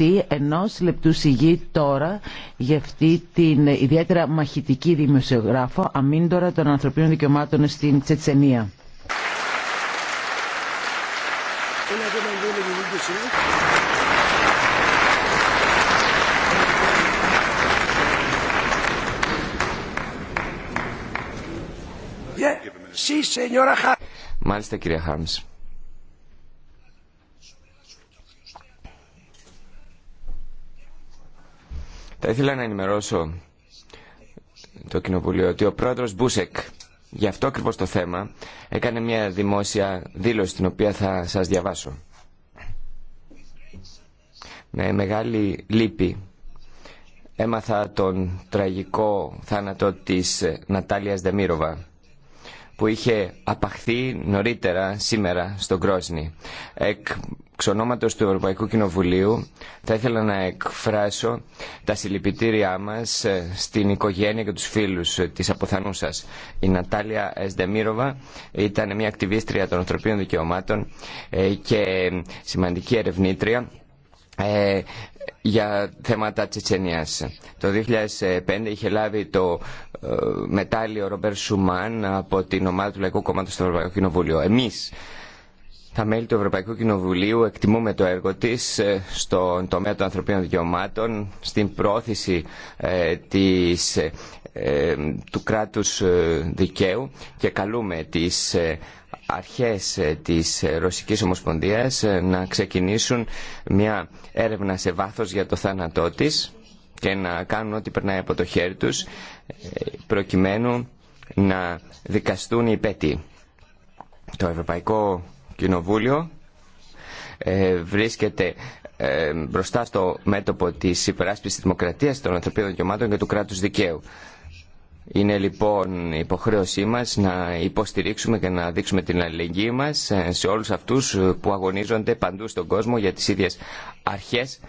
χρειαστεί ενός λεπτού σιγή τώρα για αυτή την ιδιαίτερα μαχητική δημοσιογράφο αμήντορα των ανθρωπίνων δικαιωμάτων στην Τσετσενία. Μάλιστα κυρία Χάρμς. Θα ήθελα να ενημερώσω το Κοινοβουλίο ότι ο πρόεδρος Μπούσεκ για αυτό ακριβώς το θέμα έκανε μια δημόσια δήλωση την οποία θα σας διαβάσω. Με μεγάλη λύπη έμαθα τον τραγικό θάνατο της Νατάλιας Δεμίροβα που είχε απαχθεί νωρίτερα σήμερα στον Κρόσνη. Εκ ξονόματος του Ευρωπαϊκού Κοινοβουλίου θα ήθελα να εκφράσω τα συλληπιτήριά μας ε, στην οικογένεια και τους φίλους ε, της αποθανούσας. Η Νατάλια Εσδεμίροβα ήταν μια ακτιβίστρια των ανθρωπίνων δικαιωμάτων ε, και σημαντική ερευνήτρια για θέματα Τσετσενίας. Το 2005 είχε λάβει το ε, μετάλλιο Ρομπέρ Σουμάν από την ομάδα του Λαϊκού Κόμματος στο Ευρωπαϊκό Κοινοβούλιο. Εμείς τα μέλη του Ευρωπαϊκού Κοινοβουλίου εκτιμούμε το έργο της ε, στον τομέα των ανθρωπίνων δικαιωμάτων, στην πρόθεση ε, της, ε, του κράτους δικαίου και καλούμε τις αρχές της Ρωσικής Ομοσπονδίας να ξεκινήσουν μια έρευνα σε βάθος για το θάνατό της και να κάνουν ό,τι περνάει από το χέρι τους προκειμένου να δικαστούν οι πέτοι. Το Ευρωπαϊκό Κοινοβούλιο ε, βρίσκεται ε, μπροστά στο μέτωπο της υπεράσπισης της δημοκρατίας των ανθρωπίνων δικαιωμάτων και του κράτους δικαίου. Είναι λοιπόν υποχρέωσή μας να υποστηρίξουμε και να δείξουμε την αλληλεγγύη μας ε, σε όλους αυτούς που αγωνίζονται παντού στον κόσμο για τις ίδιες αρχές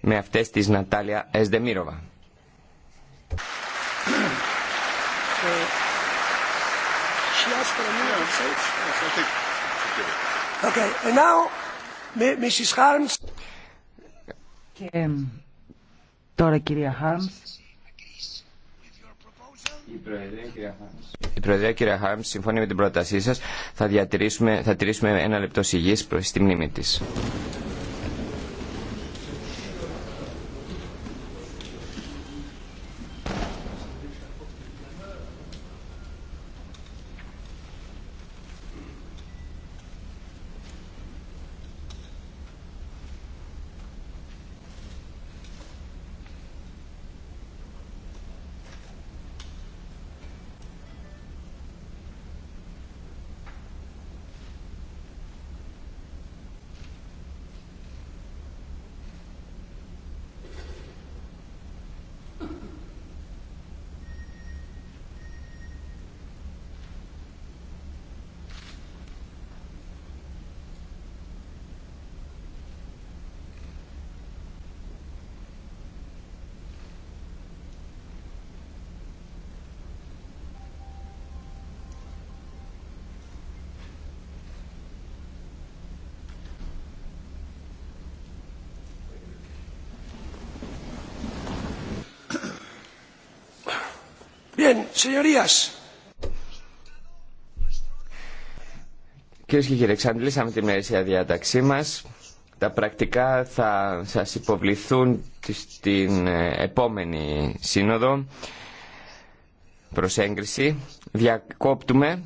με αυτές της Νατάλια Εσδεμίροβα. Και τώρα κυρία Χάρμς. Η Προεδρία, κυρία Χάρμ, σύμφωνα με την πρότασή σας. Θα, διατηρήσουμε, θα τηρήσουμε ένα λεπτό σιγής προς τη μνήμη της. Κυρίε και κύριοι, εξαντλήσαμε τη μερίσια διάταξή μα. Τα πρακτικά θα σας υποβληθούν στην ε, επόμενη σύνοδο προς έγκριση. Διακόπτουμε.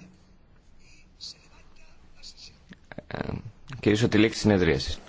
Κυρίως ότι λήξη συνεδρίασης.